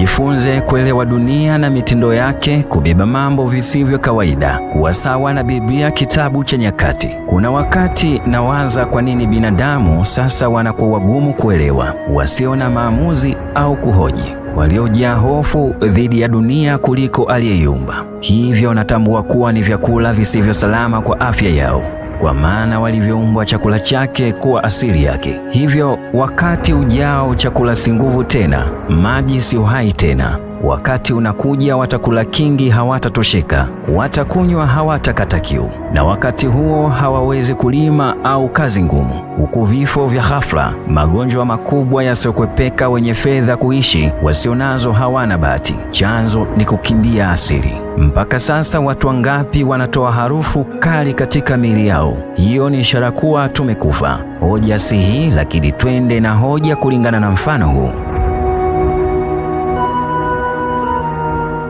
Jifunze kuelewa dunia na mitindo yake, kubeba mambo visivyo kawaida, kuwa sawa na Biblia, kitabu cha nyakati. Kuna wakati nawaza kwa nini binadamu sasa wanakuwa wagumu kuelewa, wasio na maamuzi au kuhoji, waliojaa hofu dhidi ya dunia kuliko aliyeiumba. Hivyo natambua kuwa ni vyakula visivyo salama kwa afya yao kwa maana walivyoumbwa chakula chake kuwa asili yake. Hivyo wakati ujao chakula si nguvu tena, maji si uhai tena, Wakati unakuja watakula kingi, hawatatosheka, watakunywa, hawatakata kiu, na wakati huo hawawezi kulima au kazi ngumu, huku vifo vya ghafla, magonjwa makubwa yasiyokwepeka, wenye fedha kuishi, wasionazo hawana bahati. Chanzo ni kukimbia asili. Mpaka sasa watu wangapi wanatoa harufu kali katika miili yao? Hiyo ni ishara kuwa tumekufa. Hoja si hii, lakini twende na hoja kulingana na mfano huu.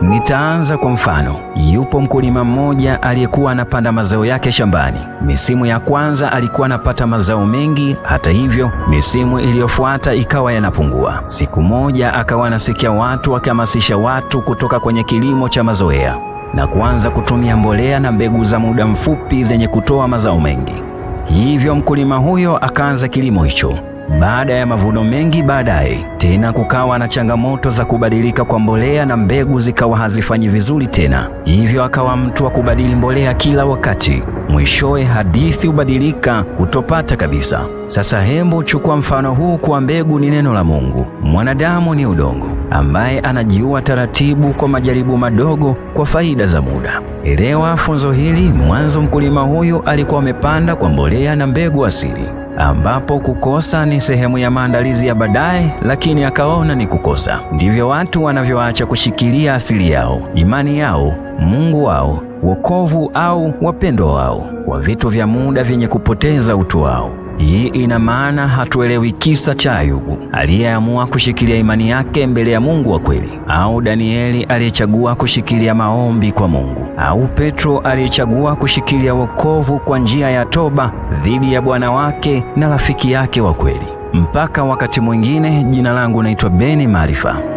Nitaanza kwa mfano. Yupo mkulima mmoja aliyekuwa anapanda mazao yake shambani. Misimu ya kwanza alikuwa anapata mazao mengi, hata hivyo misimu iliyofuata ikawa yanapungua. Siku moja akawa anasikia watu wakihamasisha watu kutoka kwenye kilimo cha mazoea na kuanza kutumia mbolea na mbegu za muda mfupi zenye kutoa mazao mengi. Hivyo mkulima huyo akaanza kilimo hicho. Baada ya mavuno mengi baadaye, tena kukawa na changamoto za kubadilika kwa mbolea na mbegu zikawa hazifanyi vizuri tena, hivyo akawa mtu wa kubadili mbolea kila wakati. Mwishowe hadithi hubadilika kutopata kabisa. Sasa hembu chukua mfano huu kuwa mbegu ni neno la Mungu, mwanadamu ni udongo ambaye anajiua taratibu kwa majaribu madogo kwa faida za muda. Elewa funzo hili. Mwanzo mkulima huyu alikuwa amepanda kwa mbolea na mbegu asili ambapo kukosa ni sehemu ya maandalizi ya baadaye, lakini akaona ni kukosa. Ndivyo watu wanavyoacha kushikilia asili yao, imani yao, Mungu wao, wokovu au wapendwa wao, kwa vitu vya muda vyenye kupoteza utu wao. Hii ina maana hatuelewi kisa cha Ayubu aliyeamua kushikilia imani yake mbele ya Mungu wa kweli, au Danieli aliyechagua kushikilia maombi kwa Mungu, au Petro aliyechagua kushikilia wokovu kwa njia ya toba dhidi ya Bwana wake na rafiki yake wa kweli. Mpaka wakati mwingine, jina langu naitwa Beni Maarifa.